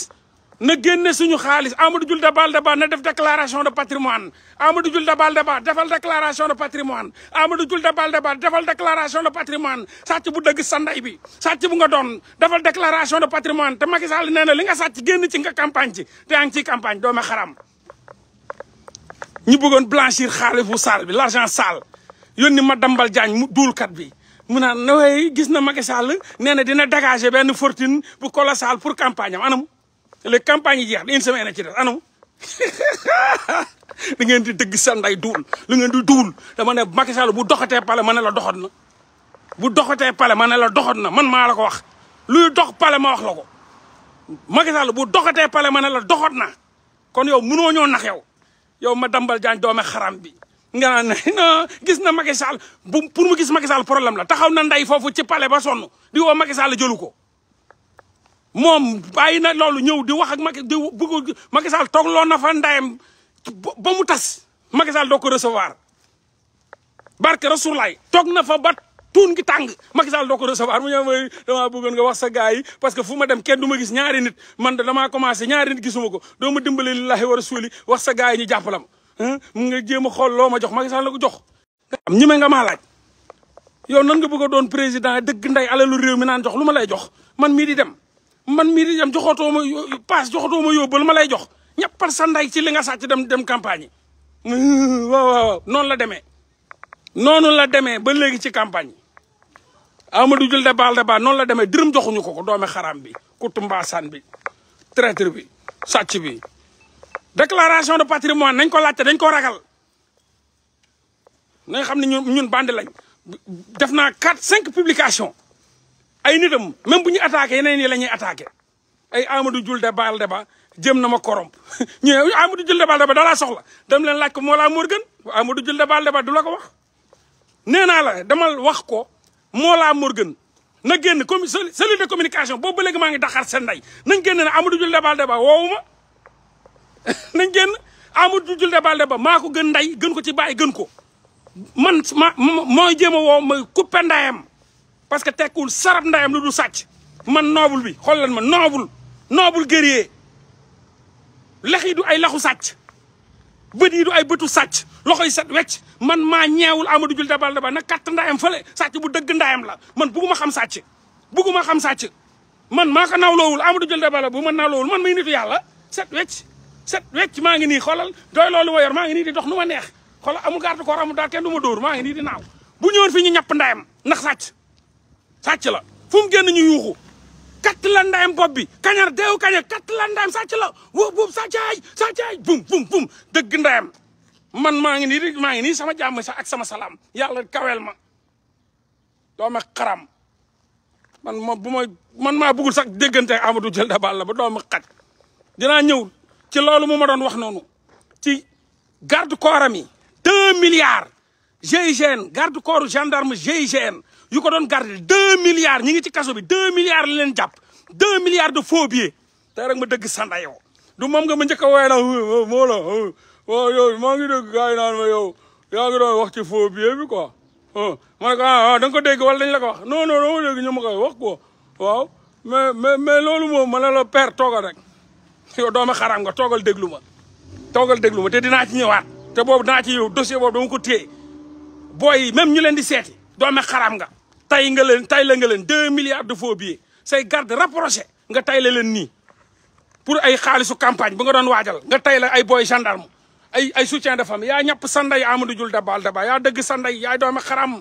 na génné suñu xaaliss Amadou Diouf Dabal Daba na def déclaration de patrimoine Amadou Diouf Dabal Daba defal déclaration de patrimoine Amadou Diouf Dabal Daba defal déclaration de patrimoine satch bu deug sanday bi satch bu nga don defal déclaration de patrimoine te Macky Sall néna li nga satch génn ci nga campagne ci te ang ci campagne do ma xaram ñi bëggoon blanchir xaalis bu sale bi l'argent sale yoni ma dambal jaañ mu kat bi mu na noy gis na Macky Sall néna dina dégager ben fortune bu colossal pour campagne am anam le campagne yi jeex une semaine ci def anou da ngeen di deug sa nday duul li ngeen di duul dama ne Macky Sall bu doxate pale ma ne la doxat na bu doxate pale ma ne la doxat na man ma la ko wax luy dox pale ma wax lako Macky Sall bu doxate pale ma ne la doxat na kon yow mënoo ñoo nax yow yow ma dambal jaan doome xaram bi nga na (laughs) no gis na Macky Sall pour mu gis Macky Sall problème la taxaw na nday fofu ci pale ba sonu di wo Macky Sall jëlu ko mom bayina lolou ñew di wax ak Macky di bëgg Macky Sall lo na fa ndayam ba mu tass Macky Sall do ko recevoir barke rasoulay tok na fa bat tun gi tang Macky Sall do ko recevoir mu ñew dama damaa nga wax sa gaay parce que fu ma dem kenn duma gis ñaari nit man de damaa commencé ñaari nit gisumako do ma dimbale lillahi wa rasuli wax sa gaay ñu jappalam hmm nga xol lo ma jox Macky Sall la ko jox am nga ma laaj yow nan nga bëgg doon président deug nday alalu réew mi naan jox luma lay jox man mi di dem man mii di dem joxotoo ma paas joxotoo ma yóbbal ma lay jox ñeppal sa ndey ci li nga sàcc dem dem campagne yi (laughs) waaw waaw noonu la demee noonu la demee ba léegi ci campagne du jul de baal de baal noonu la demee dërëm joxuñu ko ko doome xaraam bi kutu mbaasaan bi traître bi sàcc bi déclaration de patrimoine nañ ko laajte dañ ko ragal nañ xam ne ñun ñun bandi lañ def naa quatre cinq publication ay nitam même bu ñu attaqué yeneen yi la ñuy attaqué ay Amadou Julde Balde ba jëm na ma koromp (laughs) ñu ne Amadou Julde Balde ba dalaa soxla dem leen laaj ko Mollah Morgun Amadou du la ko wax. nee naa la demal wax ko Mollah Morgun na génn commu cellule de communication boobu ba léegi maa ngi daxar seen ndey nañ génn ne Amadou Julde Balde ba woowu ma (laughs) nañ génn Amadou Julde ba maa ko gën ndey gën ko ci bàyyi gën ko man ma mooy jéem a woo ma coupé parce que tekkuwul sarab ndayam lu du sàcc man noobul bi xool ma noobul noobul guerrier lex yi du ay laxu sàcc bët yi du ay bëtu sàcc loxo yi set wecc man maa ñeewul Amadou Diouf dabal dabal na katt ndaayam fële sàcc bu dëgg ndaayam la man bugguma xam sàcc ma xam sàcc man maa ko nawloowul Amadou Diouf dabal bu ma nawloowul man may nitu yàlla set wecc set wecc maa ngi ni xoolal doy loolu ma yor maa ngi nii di dox nu ma neex xoolal amul garde corps amul daal kenn ma dóor maa ngi nii di naaw bu ñëwoon fi ñu ñàpp sàcc sacc la fu mu génn ñu yuxu kat la ndayam bopp bi kañar deew kañe kat la ndayam sacc la wóob bu saccay saccay bum bum bum ndayam man ma ngi rek ma ngi ni sama jamm sa ak sama salam yalla kawel ma ma xaram man ma buma man ma bugul sax déggante Amadou jelda balla ba do ma xat dina ñew ci lolu mu ma doon wax nonu ci garde corps ami 2 milliards GIGN garde corps gendarme GIGN yu ko doon garder deux milliards ñi ngi ci kaso bi deux milliards leen jàpp deux milliards de faux billets rek ma dëgg sanda yow du moom nga ma njëkk a woowee na moo ngi dégg gars naan ma yow yaa ngi doon wax ci faux bi quoi ma ne ko ah, ah da nga dégg wala dañ la ko wax non non dama ñu ma koy wax quoi waaw mais mais loolu moom ma ne la père toogal rek yow doomu xaraam nga toogal déglu ma toogal déglu ma te dinaa ci ñëwaat te boobu dinaa ci yow dossier boobu dama ko téye booy même ñu leen di seeti doomu xaraam nga tay nga len tay la nga len 2 milliards de faux billets say garde rapproché nga tay la len ni pour ay xaalisu campagne bu nga don wadjal nga tay la ay boy gendarme ay ay soutien de femme ya ñap sanday Amadou djul dabal daba ya deug sanday yaay doomi kharam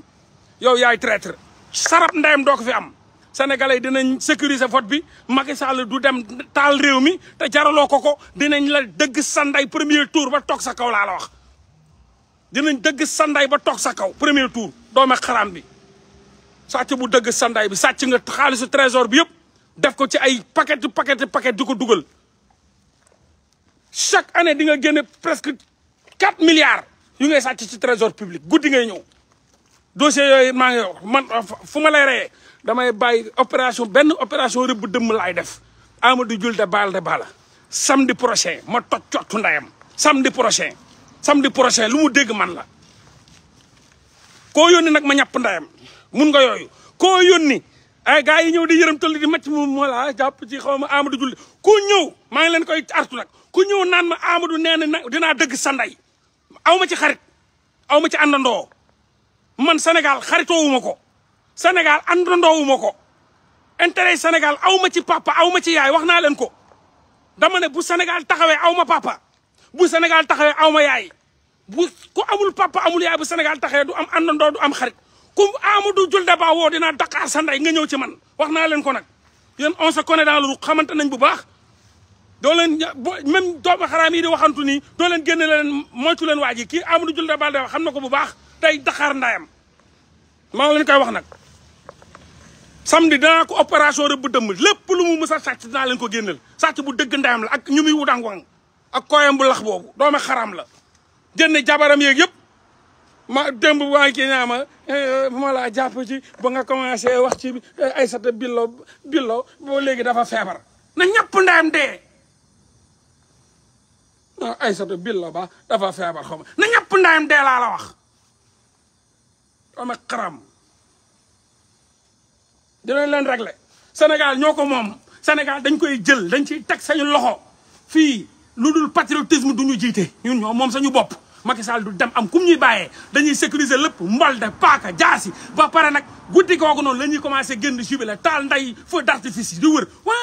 yow yaay traître sarap ndayam doo ko fi am sénégalais dinañ sécuriser vote bi Macky Sall du dem tal réew mi te jaralo ko ko dinañ la deug sanday premier tour ba tok sa kaw la la wax dinañ deug sanday ba tok sa kaw premier tour doome kharam bi sàcc bu deug sanday bi sàcc nga xaalisu trésor bi yëpp def ko ci ay paquet paquet paquet di ko dugal chaque année di nga génne presque 4 milliards yu ngay sàcc ci trésor public goudi ngay ñew dossier yoy ma ngi wax man fuma lay réé damay bàyyi opération ben opération rëbb deum lay def Amadou djul de bal de Bala samedi prochain ma tok cottu ndayam samedi prochain samedi prochain lu mu dégg man la ko yoni nak ma ñap ndayam mun nga yooyu ko yónni ay gars yi ñëw di yërëm tolli di macc moom moo la jàpp ci xaw ma Amadou Julli ku ñëw maa ngi leen koy artu nag ku ñëw naan ma Amadou nee na dinaa dëgg sanday aw ma ci xarit aw ma ci àndandoo man Sénégal xaritoowuma ko Sénégal àndandoowuma ko intérêt senegal aw ma ci papa aw ma ci yaay wax naa leen ko dama ne bu senegal taxawee aw ma papa bu Sénégal taxawe aw ma yaay bu ku amul papa amul yaay bu senegal taxawee du am àndandoo du am xarit ku Amadou Diouldé Ba woo dinaa Dakar sa ndey nga ñëw ci man wax naa leen ko nag yéen on se connaît dans le xamante nañ bu baax doo leen même doomu xaraam yi di waxantu nii doo leen génne leen moytu leen waa ji kii Amadou Diouldé Ba da xam na ko bu baax tey Dakar ndayam maa leen koy wax nag samedi dinaa ko opération bu dëmm lépp lu mu mës a sàcc dinaa leen ko génneel sàcc bu dëgg ndayam la ak ñu muy wutang wang ak kooyam bu lax boobu doomu xaraam la génne jabaram yeeg yëpp ma démb waa kii naa ma eh, ma laa jàpp ci ba nga commencé wax ci eh, Aïssata Billo Billo boo léegi dafa feebar na ñëpp ndeyam dee non Aïssata Billo ba dafa feebar xaw ma na laa la wax xaw xaram dinañ leen régler Sénégal ñoo ko moom Sénégal dañ koy jël dañ ciy teg sañu loxo fii lu dul patriotisme du ñu jiite ñu ñoo moom sañu bopp Macky Sall du dem am kum ñuy bàyyee dañuy sécuriser lépp mbalde paaka jaasi ba pare nag guddi googu noonu la ñuy commencé génn jubile taal nday feu d'artifice di wër waa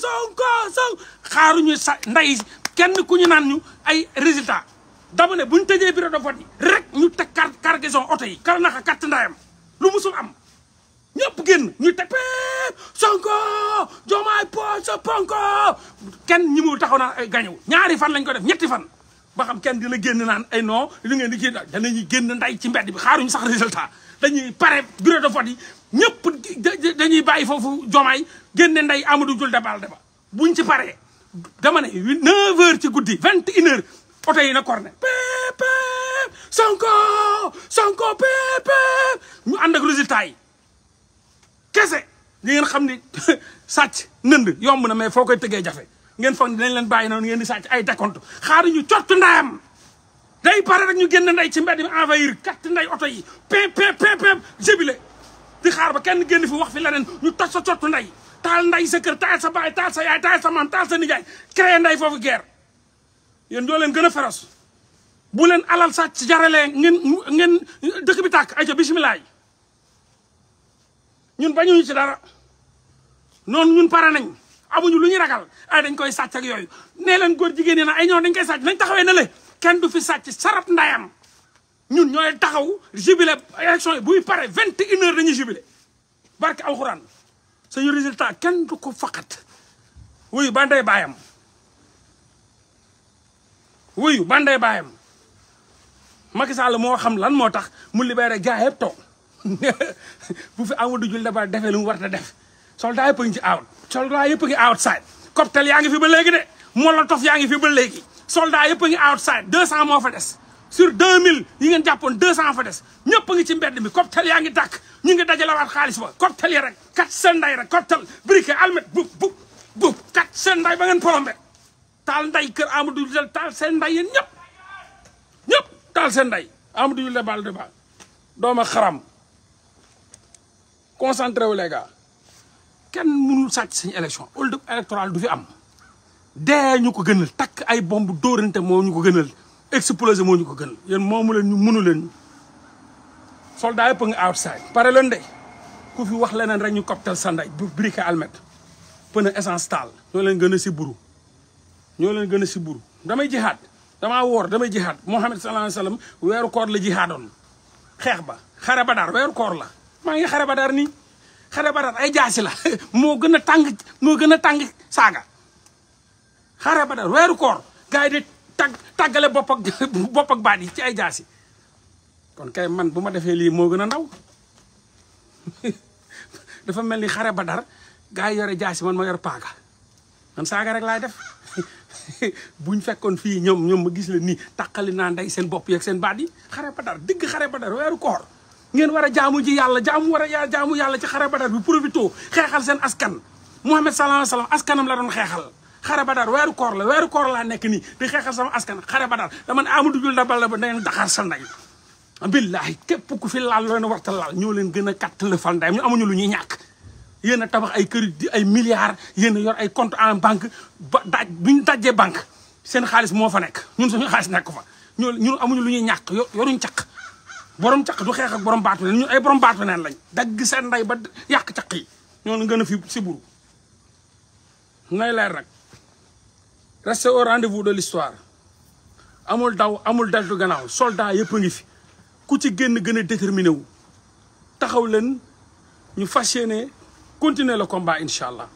Sonko Sonko xaaruñu sa nday kenn ku ñu naan ñu ay résultat dama ne bu ñu tëjee bureau de vote yi rek ñu teg car cargaison oto yi kala naxa katt ndayam lu musul am ñëpp génn ñu teg péep Sonko Diomaye po sa Ponko kenn ñi mu taxaw na gañëw ñaari fan lañ ko def ñetti fan ba xam kenn dina génn naan ay eh non li ngeen di kii danañuy génn nday ci mbedd bi xaaruñ sax résultat dañuy pare bureau de vote yi ñëpp dañuy bàyyi foofu jomaay génn nday Amadou Diol dabal daba buñ ci paree dama ne neuf heures ci guddi vingt une heures oto yi na corne pep pep Sonko Sonko pep ñu ànd ak résultat yi kese li ngeen xam ni (laughs) sàcc nënd yomb na mais foo koy tëggee jafe ngeen foog ni dañ leen bàyyi noonu ngeen di sàcc ay décompte xaaruñu cott ndayam day pare rek ñu génn nday ci mbedd mi envahir katt nday oto yi pim pim pim pim jébile di xaar ba kenn génn fi wax fi leneen ñu toj sa cott nday taal nday sa kër taal sa baay taal sa yaay taal sa maam taal sa nijaay créé nday foofu guerre yéen doo leen gën a féroce bu leen alal sa jaralee ngeen ngeen dëkk bi tàkk ay ca bisimilaay ñun bañuñu ci dara noonu ñun pare nañ amuñu lu ñu ragal ay dañ koy sàcc ak yooyu nee leen góor jigéen ñi na ay ñoom dañ koy sàcc nañ taxawee na le kenn du fi sàcc sarap ndayam ñun ñooy taxaw jubilé élection yi buy pare vingt et une heures dañuy jubilé barke alxuraan suñu résultat kenn du ko faqat wuyu ba ndey baayam wuyu ba ndey baayam Macky Sall moo xam lan moo tax mu libéré gars yëpp toog (laughs) bu fi Amadou Diouf dafa defee lu mu war a def soldat yëpp a ngi ci out soldat a ngi outside cocktail yaa ngi fi ba léegi de molotov yaa ngi fi ba léegi soldat yëpp a ngi outside deux cent moo fa des sur deux mille yi ngeen jàppoon deux cent fa des ñëpp a ngi ci mbedd cop cocktail yaa ngi tàkk ñu ngi dajalawaat xaalis ba cocktail yi rek kat seen nday rek cocktail briquet almet bub bub bub kat seen nday ba ngeen polombe taal nday kër Amadou Diouf taal seen nday yéen ñëpp ñëpp taal seen nday Amadou Diouf de bal de bal dooma xaram concentré wu les kenn mënul sàcc suñu élection hold up du fi am dee ñu ko gënal takk ay bomb dóorante moo ñu ko gënal explosé moo ñu ko gënal yéen moomu leen ñu mënu leen soldat yëpp nga outside pare leen de ku fi wax leneen rek ñu cocktail sanday briquet almet pneu essence taal ñoo leen gën a si buru ñoo leen gën a si buru damay jihaad damaa woor damay jihaad Muhammad sallallahu alayhi wasallam weeru koor la jihaadoon xeex ba xare ba daar weeru koor la maa ngi xare ba nii xare badar ay jaasi la (laughs) moo gën a tàng moo gën a tàng saaga xare badar weeru koor gaay di tag tàggale bopp ak (laughs) bopp ak baat yi ci ay jaasi kon kay man bu ma defee lii moo gën a ndaw (laughs) dafa mel ni xare badar gaay yi yore jaasi man ma yor paaga man saaga rek laay def buñ fekkoon fii ñoom ñoom ma gis la ni naa ndey seen bopp yeeg seen baat yi xare badar digg xare badar weeru koor ngeen war a jaamu ji yàlla jaamu war a jaamu yàlla ci xare badar bi profito xeexal seen askan Muhammad sallallahu alayhi wasallam askanam la doon xeexal xare badar weeru koor la weeru koor laa nekk nii di xeexal sama askan xare badar dama ne Amadou Diouf dabal la ba dangeen daxar sa ndey billahi képp ku fi laal loona warta laal ñoo leen gën a kàtt la fal ndey ñu amuñu lu ñuy ñàkk yéen a tabax ay kër di ay milliards yéen yor ay compte en banque ba daaj bu ñu dajjee banque seen xaalis moo fa nekk ñun suñu xaalis nekk fa ñoo ñun amuñu lu ñuy ñàkk yoruñ caq borom caq du xex ak borom baat ñu ay borom baat neen lañ dagg sa nday ba yak caq yi ñoo ngeena fi si buru leer nag restez au rendez-vous de l'histoire amul daw amul du gannaaw soldat yepp ngi fi ku ci genn gëna déterminé wu taxaw leen ñu fas yéene continuer le combat inshallah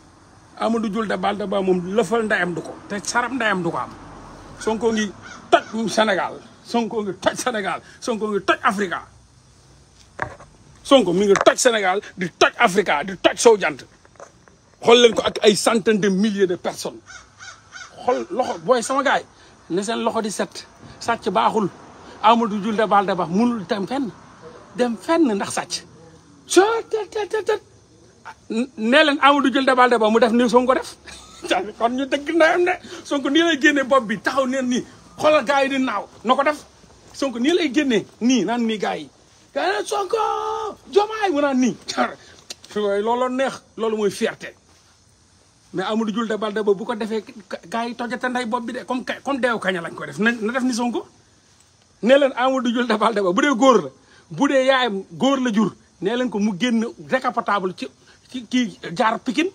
Amadou Diol da Bal da Ba mom lëfal ndayam du ko te saram ndayam du ko am Sonko ngi toj Sénégal Sonko ngi toj Sénégal Sonko ngi toj Africa Sonko mi ngi toj Sénégal di toj Africa di toj sow jant xool leen ko ak ay centaine de milliers de personnes xool loxo booy sama ne seen loxo di set sàcc baaxul Amadou Julde Balde ba munul dem fenn dem fenn ndax sàcc so nee leen Amadou Julde Balde ba mu def nii Sonko def (laughs) kon ñu dëgg ndayam de Sonko nii lay génne bopp bi taxaw neen ni xoolal gars yi di naaw na ko def Sonko nii lay génnee nii naan nii gars yi gars yi naan Sonko jomaay mu naan nii (laughs) looloo neex loolu mooy fierté mais Amadou Jules de Balde ba bu ko defee gars yi te nday bopp bi de comme comme deew kaña lañ koy def na def ni Sonko nee leen du jul de Balde ba bu dee góor la bu dee yaay góor la jur nee leen ko mu génn décapotable ci ci kii jaar Pikine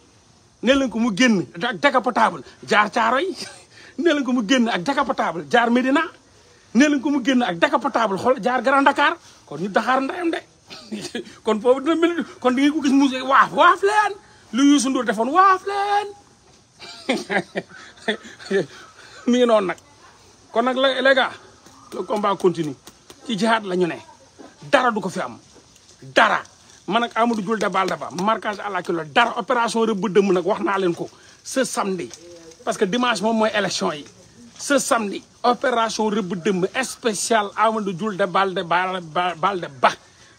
nee leen ko mu génn décapotable jaar caaro yi (laughs) nee leen ko mu génn ak décapotable jaar Médina nee leen ko mu génn ak décapotable xool jaar Grand Dakar kon ñu daxaar ndayam de (laughs) kon foofu dina mel kon di mu waaf waaf leen lu defoon waaf leen (laughs) mi nag kon nag les gars le continue ci jihaad la ñu ne dara du ko fi am dara man ak Amadou Diouf de Baldaba marquage à la kilo dara opération rëbb dëmm nag wax naa leen ko ce samedi parce que dimanche moom mooy élection yi ce samedi opération rëbb dëmm spécial Amadou Jules de Balde Balde Ba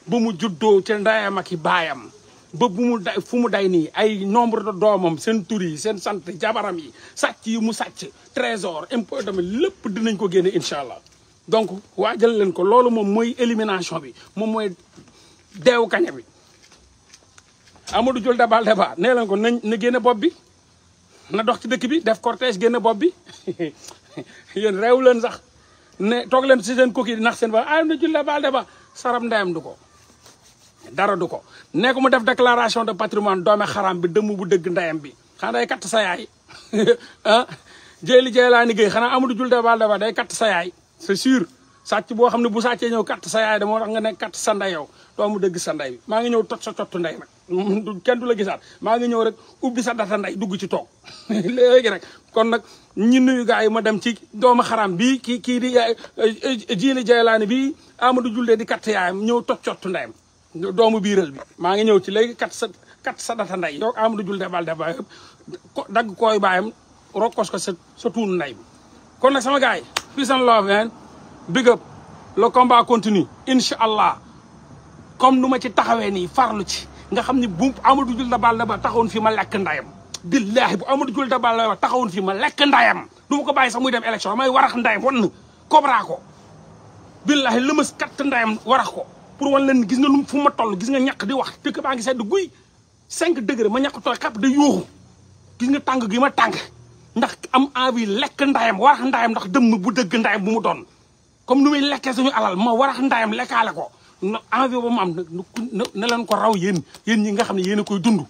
ba mu juddoo ca ndayam ak baayam ba bu mu day fu mu day nii ay nombre de doomam seen tur yi seen sant jabaram yi sàcc yi mu sàcc trésor impôt dama lépp dinañ ko génne incha allah donc waajal leen ko loolu moom mooy élimination bi moom mooy deewu kaña bi Amadou Jules de Balde Ba nee leen ko nañ na génne bopp bi na dox ci dëkk bi def cortège génn bopp bi (laughs) yéen réew leen sax ne toog leen si seen kooki nax seen ba ayam ah, na julla baal de ba saram ndeyam du ko dara du ko nee mu def déclaration de patrimoine doome xaraam bi dëmm bu dëgg ndeyam bi xanaa day katt sa yaay (laughs) ah jéeli jéelaa ni géey xanaa amadou jul de baal de ba day katt sa c'est sûr sàcc boo xam ne bu sàccee ñëw katt sa yaay da moo tax nga nekk sa nday yow doomu dëgg sa nday bi maa ngi ñëw tot sa cottu nday nag mm, kenn du la gisaat maa ngi ñëw rek ubbi sa data nday dugg ci toog (laughs) léegi rek kon nag ñi nuyu gars yi ma dem ci doomu xaram bii kii kii di eh, eh, jiili jaylaani bii Amadou Julde di katt ñëw tot cottu ndayam doomu biiral bi maa ngi ñëw ci léegi kat sa kat sa nday yow Amadou Julde bal def baay dagg kooy baayam rokkos ko sa sa nday big la le combat continue incha allah comme nu ma ci taxawee nii farlu ci nga xam ni bu Amadou Diouf Dabal ba taxawoon fii ma lekk ndayam billaahi bu Amadou Diouf Dabal ba taxawoon fii ma lekk ndayam du ma ko bàyyi sax muy dem élection may warax ndayam wan kobraa ko billaahi lëmas katt ndayam warax ko pour wan leen gis nga lu fu ma toll gis nga ñaq di wax dëkk baa ngi sedd guy cinq degré ma ñaq tooy xapp da yooxu gis nga tàng gi ma tàng ndax am envie lekk ndayam warax ndayam ndax dëmm bu dëgg ndayam bu mu doon comme nu muy lekkee suñu alal ma warax ndayam lekkaale ko na envie ba mu am na na leen ko raw yéen yéen ñi nga xam ne yéen a koy dund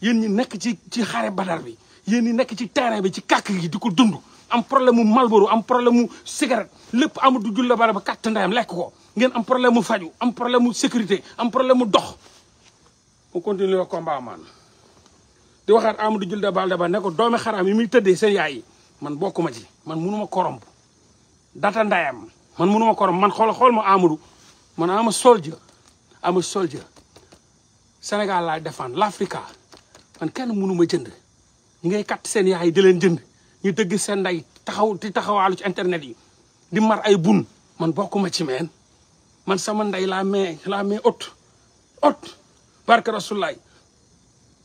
yéen ñi nekk ci ci xare badar bi yéen ñi nekk ci terrain bi ci kàkk gi di ko dund am problème mu Malboro am problème mu cigarette lépp Amadou Diouldé Baldé ba kàtt ndayam lekk ko ngeen am problème mu faju am problème mu sécurité am problème mu dox mu continuer le combat man di waxaat Amadou ba ne ko doomi xaraam yi muy tëddee seen yaay man bokkuma ci man mënuma koromp data ndayam man mënuma korom man xol xol mo Amadou man ama soldier ama soldier Senegal la défendre l'Africa man kenn mënuma jënd ñi ngay kat sen yaay di leen jënd ñu dëgg sen nday taxaw di taxawalu ci internet yi di mar ay bun man bokuma ci men man sama nday la me la me ot ot barka rasulaay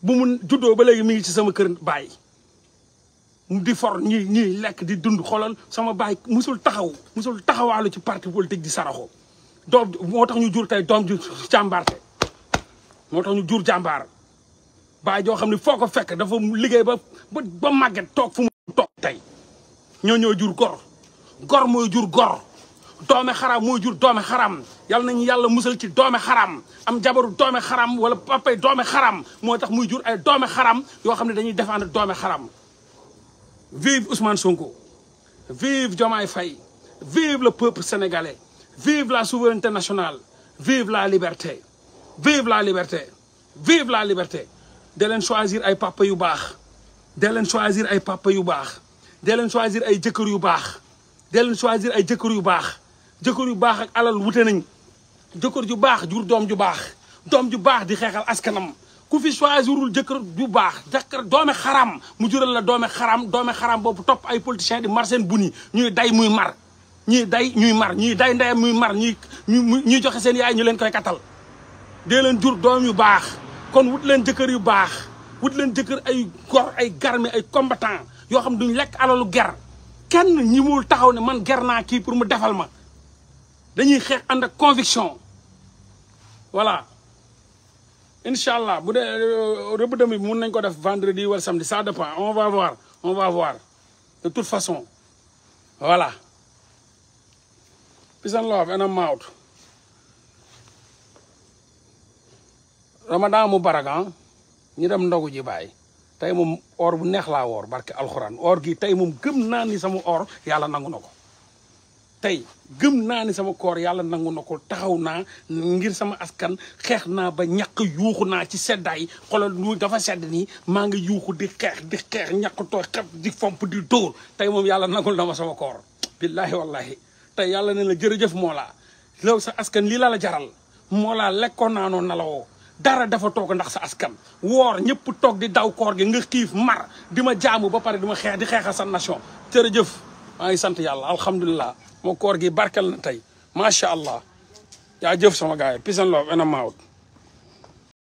bu mu juddo ba léegi mi ngi ci sama kër di for ñi ñiy lekk di dund xoolal sama baay musul taxaw musul taxawaalu ci parti politique di saraxo doom moo tax ñu jur tey doom moo tax ñu jur jàmbaar baay joo xam ne foo ko fekk dafa liggéey ba ba màgget toog fu mu toog tey ñoo ñoo jur gor gor mooy jur gor doome xaraam mooy jur doome xaraam yal nañu yàlla musal ci doome xaraam am jabaru doome xaram wala papay doome xaram moo tax muy jur ay doome xaram yoo xam ne dañuy défendre doome xaram vive Ousmane Sonko vive Diomaye Faye vive le peuple sénégalais vive la souveraineté nationale vive la liberté vive la liberté vive la liberté da leen choisir ay papa yu baax da leen choisir ay papa yu baax da leen choisir ay jëkkër yu baax da choisir ay jëkkër yu baax jëkkër yu baax ak alal wute nañ jëkkër ju baax jur doom ju baax doom ju baax di xeexal askanam ku fi choisirul jëkkër ju baax jëkkër doome xaram mu jural la doome xaram doome xaram boobu topp ay politiciens di mar seen buni ñuy day muy mar ñuy day ñuy mar ñuy day ndeyam muy mar ñuy ñuy joxe seen yaay ñu leen koy kattal dee leen jur doom yu baax kon wut leen jëkkër yu baax wut leen jëkkër ay góor ay garmi ay combattant yoo xam duñ lekk alalu ger kenn ñi taxaw ne man ger naa kii pour mu defal ma dañuy xeex ànd ak conviction voilà inshallah allah bu dee euh, rëbëdëm bi mën nañ ko def vendredi wala samedi ça dépend on va voir on va voir de toute façon voilà peace and love and I'm out ramadan mu baragan ah. ñi dem ndogu ji bay tay mom or bu neex la wor barke alcorane or gi tay mom gëm na ni sama or yalla nangunako tay gëm naa ni sama koor yàlla nangu na taxaw naa ngir sama askan xeex naa ba ñàkk yuuxu naa ci seddaay xoolal lu dafa sedd nii maa ngi yuuxu di xeex di xeex ñàkk xeb di fomp di dóor tey moom yàlla nangul na ma sama koor billahi wallahi tey yàlla ne la jërëjëf moo laa sa askan lii la la jaral moo laa lekkoon naa noonu nalawoo dara dafa toog ndax sa askan woor ñëpp toog di daw koor gi nga xiif mar di ma jaamu ba pare di ma xeex di xeexal sa nation jërëjëf maa ngi sant yàlla alhamdulilah moo koor gi barkel na tey macha allah yaa jëf sama gars yi pisan loof ena maawut